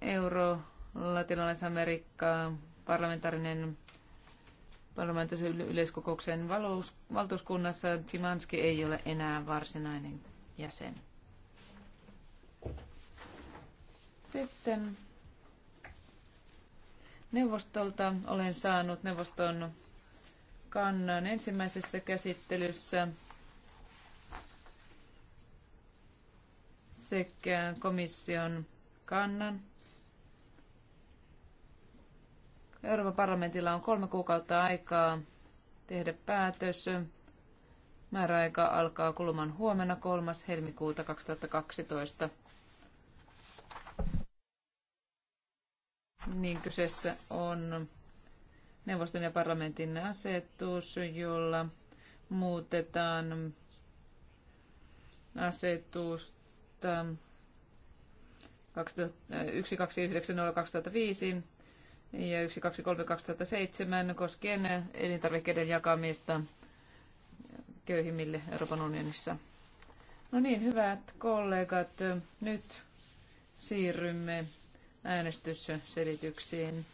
euro latinalais-Amerikkaa parlamentaarinen parlamentaarisen yleiskokouksen valous, valtuuskunnassa Simanski ei ole enää varsinainen jäsen. Sitten neuvostolta olen saanut neuvoston kannan ensimmäisessä käsittelyssä sekä komission kannan. Euroopan parlamentilla on kolme kuukautta aikaa tehdä päätös. Määräaika alkaa kuluman huomenna 3. helmikuuta 2012. Niin kyseessä on neuvoston ja parlamentin asetus, jolla muutetaan asetusta 1290-2005 äh, äh, ja 1230 2007 koskien elintarvikkeiden jakamista köyhimmille Euroopan unionissa. No niin, hyvät kollegat, nyt siirrymme äänestysselityksiin.